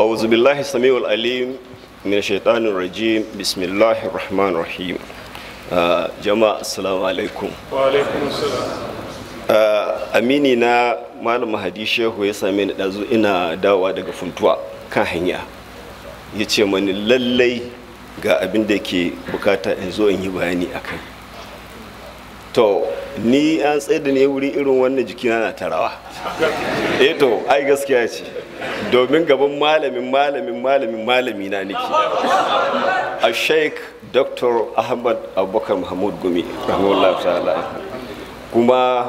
أعوذ بالله السميع العليم من الشيطان الرجيم بسم الله الرحمن الرحيم jama'a assalamu amini na malam hadi shehu ya same ni ɗazu ina dawa daga funtuwa kan hanya ya ce mani lallai ga abin da ke bukata in zo in yi bayani a to ni an tsaye da ne wurin irin wannan jikina na tarawa eh to ai gaskiya ce domin gaban malamin malamin malamin malami na niki a sheikh dr ahmad abubakar mahmud gumi kuma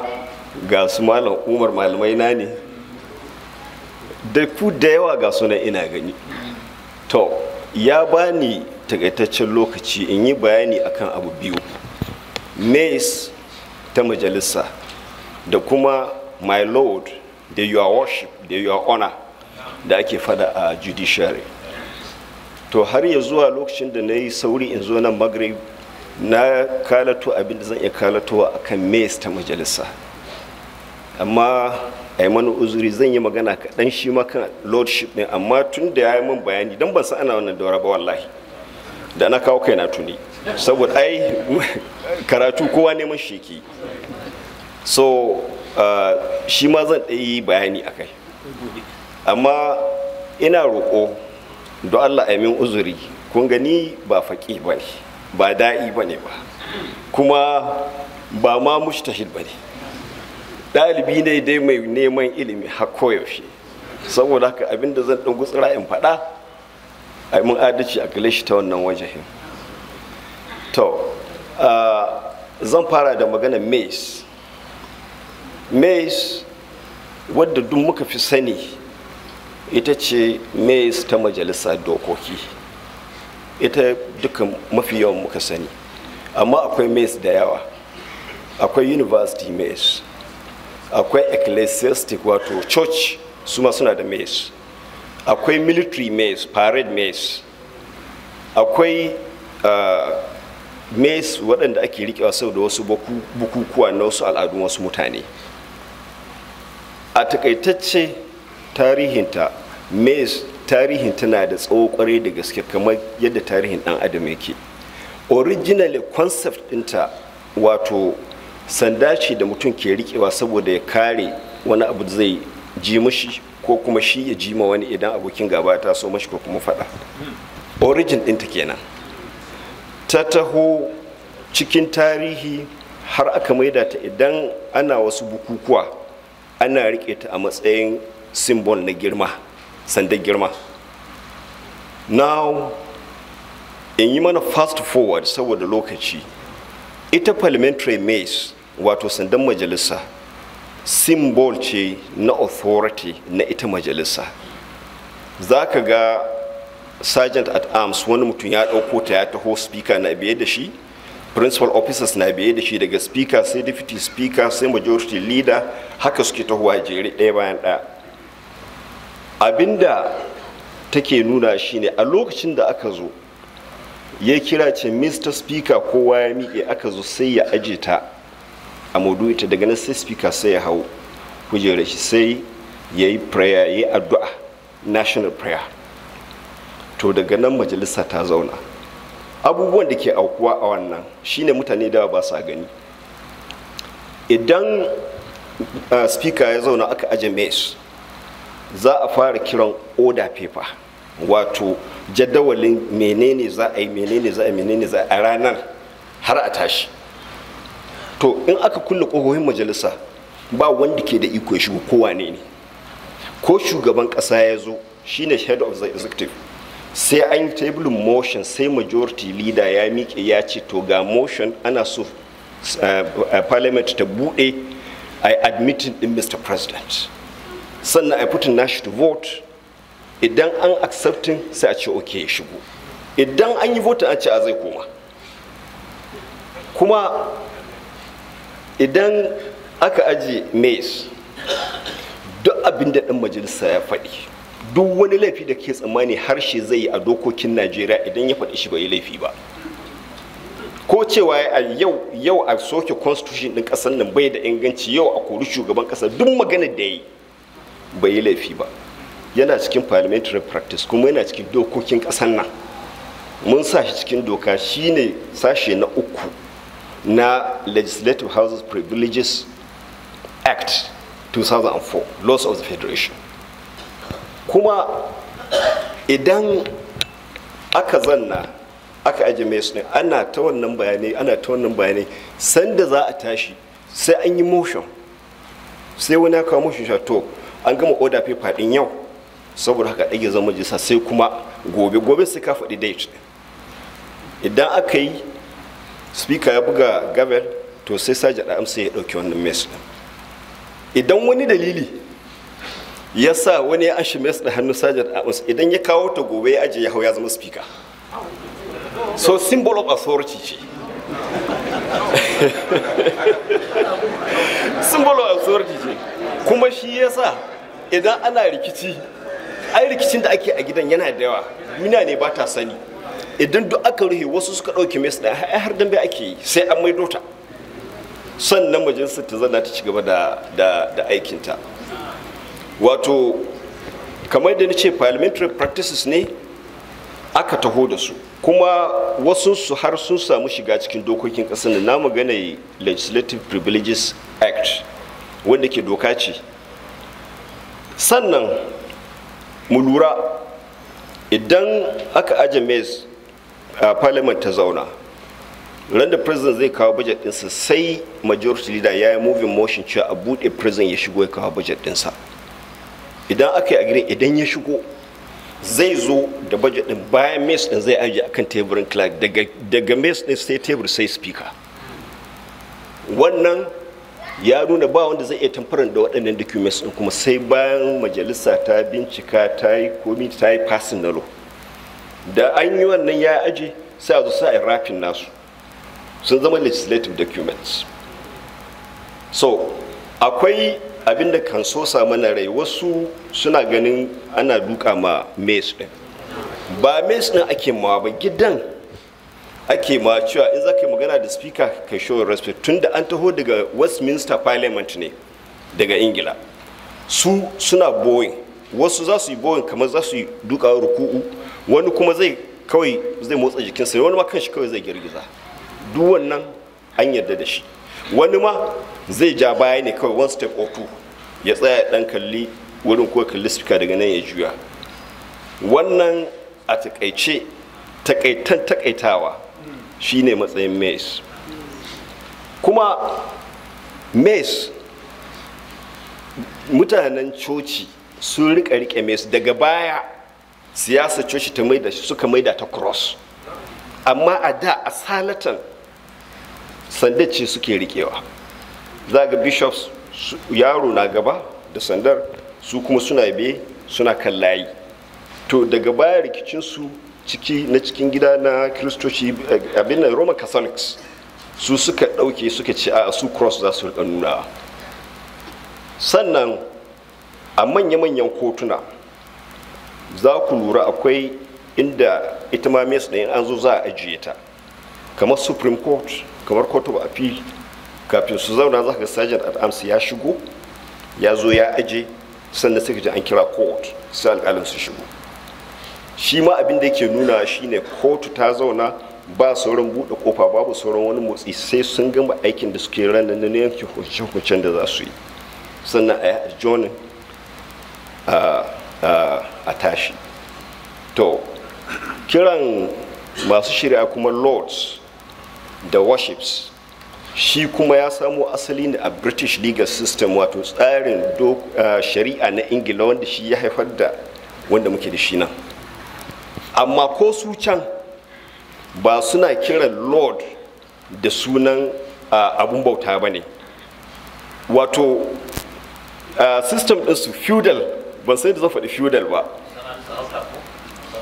ga su malam umar malamai na ne da ku da yawa ga suna ina gani to ya bani takaitaccen lokaci in yi bayani akan abu biyu nes ta majalisa da kuma my lord da your worship da your honor da ake fada a judiciary to har ya zuwa lokacin da na yi sauri in zo nan maghrib na kalato abin da zan iya kalatowa a kan mes ta majalisa amma a yi mana uzuri zan yi magana kaɗan shi maka lordship ne amma tun da ya yi min bayani don ban san ana wannan daura ba wallahi da na kawo kaina tuni saboda ai karatu kowa neman sheki so ah, shi ma zan ɗaya yi bayani a kai amma ina roƙo don allah min uzuri kun gani ba faƙi ba ne ba da'i ba ne ba kuma ba ma mushtahil ba ne ɗalibi ne dai mai neman ilimi har koyaushe saboda haka abinda zan ɗan gutsura in faɗa a mun adalci a gale shi ta wannan wajahin to zan fara da magana maize maize wadda duk muka fi sani ita ce mace ta majalisa dokoki ita duka mafi yawan muka sani amma akwai mace da yawa akwai university mace akwai ecclesiastic wato church su ma suna da mace akwai military mace parade mace akwai ah, mace waɗanda ake riƙewa saboda wasu bukukuwa na wasu al'adun wasu mutane a takaitacce tarihinta mes tarihin tana da tsawo kwarai da gaske kamar yadda tarihin dan adam yake originally concept ɗinta wato sanda ce da mutum ke rikewa saboda ya kare wani abu zai ji mashi ko kuma shi ya ji ma wani idan abokin gaba ta so mashi ko kuma faɗa origin ɗinta kenan ta taho cikin tarihi har aka maida ta idan ana wasu bukukuwa ana rike ta a matsayin simbol na girma sandar girma now in yi mana fast forward saboda lokaci ita parliamentary maze wato sandan majalisa symbol ce na authority na ita majalisa za ka ga sergeant at arms wani mutum ya ɗauko ta ya taho speaker na biye da shi principal officers na biye da shi daga speaker sai deputy speaker sai majority leader haka suke taho tahowa jere ɗaya bayan ɗaya abinda take nuna shine a lokacin da aka zo ya kira ce mr speaker kowa ya miƙe aka zo sai ya aje ta a ita daga nan sai speaker sai ya hau kujerar shi sai ya yi prayer ya yi addu'a national prayer to daga nan majalisa ta zauna abubuwan da ke aukuwa a wannan shine mutane da ba sa gani idan eh, speaker ya zauna aka aje mace za a fara kiran oda paper wato jadawalin menene za a yi menene za a yi menene za a ranar har a tashi to in aka kulle ƙofofin majalisa ba wanda ke da iko ya kowa ne ne ko shugaban ƙasa ya zo shine head of the executive sai an yi table motion sai majority leader ya miƙe ya ce to ga motion ana so eh, eh, parliament ta buɗe i admitting din mr president sannan a put nashi to vote idan an accepting sai a ce ok ya shigo idan an yi vote a ce a zai koma kuma idan aka aji mace duk abin da ɗan majalisa ya faɗi duk wani laifi da ke tsammani harshe zai yi a dokokin najeriya idan ya faɗi shi bai laifi ba ko cewa a yau yau a soke constitution ɗin ƙasar nan bai da inganci yau a kori shugaban ƙasa duk maganar da ya yi bai yi laifi ba yana cikin parliamentary practice kuma yana cikin dokokin ƙasar nan mun sa shi cikin doka shine sashe na uku na legislative houses privileges act 2004 laws of the federation kuma idan aka zanna aka ajiye mai suna ana ta wannan bayanai ana ta wannan bayanai sanda za a tashi sai an yi motion sai wani aka kawo motion sha an gama oda paper din yau saboda haka ɗage zama majalisa sai kuma gobe gobe sai ka faɗi date idan aka yi speaker ya buga gavel to sai saja da amsa ya ɗauki wannan mes ɗin idan wani dalili ya sa wani ya ashe mes da hannu saja da amsa idan ya kawo ta gobe ya ajiye ya hau ya zama speaker so symbol of authority ce symbol of authority ce kuma shi ya sa idan ana rikici ai rikicin da ake a gidan yana da yawa mina ne ba ta sani idan duk aka ruhe wasu suka ɗauke mai da ai har dambe ake yi sai an maido ta sannan majalisar ta zana ta ci gaba da aikinta wato kamar da nace ce parliamentary practices ne aka taho da su kuma wasu su har sun samu shiga cikin dokokin ƙasar na magana legislative privileges act wanda ke doka ce sannan mu lura idan aka aje maize a parliament ta zauna ran da president zai kawo budget dinsa sai majority leader ya yi moving motion cewa a bude prison ya shigo ya kawo budget dinsa idan aka yi agirin idan ya shigo zai zo da budget din bayan mez din zai aje akan teburin clark daga mez din sai tebur sai speaker wannan ya nuna ba wanda zai iya tamfarin da waɗannan documents ɗin kuma sai bayan majalisa ta bincika ta yi komi ta yi fasin na da an yi wannan ya aji sai a zo sa rafin nasu sun zama legislative documents so akwai abin da kan so samu na rai wasu suna ganin ana duka ma mace ɗin ba mes ɗin ake mawa ba gidan ake ma cewa in za ka yi magana da speaker ka show respect tun da an taho daga westminster parliament ne daga ingila su suna boyin wasu za su yi boyin kamar za su yi duka ruku'u wani kuma zai kawai zai motsa jikinsa wani ma kanshi kawai zai girgiza duk wannan an yarda da shi wani ma zai ja baya ne kawai one step or two ya tsaya dan kalli wurin ko kalli speaker daga nan ya juya wannan a takaice takaitan takaitawa shine matsayin mes kuma mes mutanen coci sun rika rike mes daga baya siyasa coci ta maida suka maida ta cross amma a da a salatan sandar ce suke rikewa zaga ga bishops yaro na gaba da sandar su kuma suna be suna kan layi to daga baya rikicinsu ciki na cikin gida na kiristoci abin roman catholics su suka ɗauke suka ce a su cross za su rika nuna sannan a manya-manyan kotuna za ku lura akwai inda ita ma mes ɗin an zo za a ajiye ta kamar supreme court kamar court of appeal kafin su zauna za ka ga sergeant at ya shigo ya zo ya aje sannan suka ji an kira court sai alƙalin su shigo shi ma abin da yake nuna shine kotu ta zauna ba sauran buɗe kofa babu sauran wani motsi sai sun gama aikin da suke ranar na yanke hukuncen da za su yi sannan a yi a tashi to kiran masu shirya kuma lords da warships shi kuma ya samo asali ne a british legal system wato tsarin shari'a na ingila wanda shi ya haifar da wanda muke da shi nan amma ko su can ba suna kiran lord da sunan abun bauta ba ne wato system ɗinsu feudal ban sai da zan faɗi feudal ba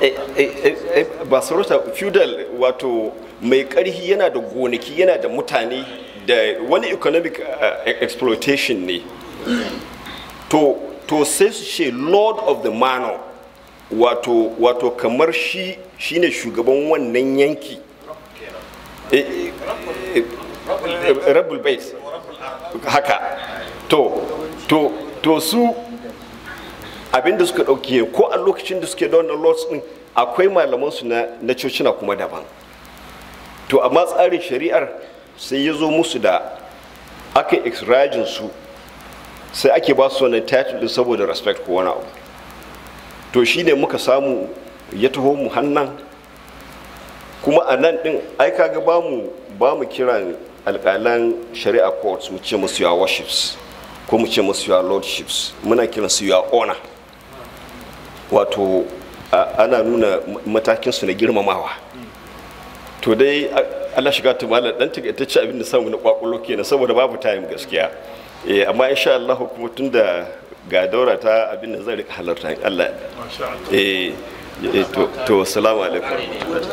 eh, eh, eh, ba sarauta feudal wato mai ƙarhi yana da gonaki yana da mutane da wani economic e, exploitation ne to sai su ce lord of the manor wato wato kamar shi shine shugaban wannan yanki eh, eh, eh, rabul bayt haka to to to su abinda suka dauke ko a lokacin da suke da wannan lords din akwai malaman su na na cocina kuma daban to amma tsarin shari'ar sai ya zo musu da aka extrajin su sai ake ba su wannan title saboda respect ko wani abu to shi ne muka samu ya taho mu hannan kuma a nan ɗin ai kaga ba mu ba mu kiran alƙalan shari'a courts mu ce musu ya worships ko mu ce musu ya lordships muna kiran su ya honor wato ana nuna matakin su na girmamawa to dai Allah shiga ta malam dan ta ci abin da samu na kwakwalo kenan saboda babu time gaskiya eh amma insha Allah kuma tunda ga daura ta abin da zan rika halarta in Allah ya eh, eh, to assalamu alaikum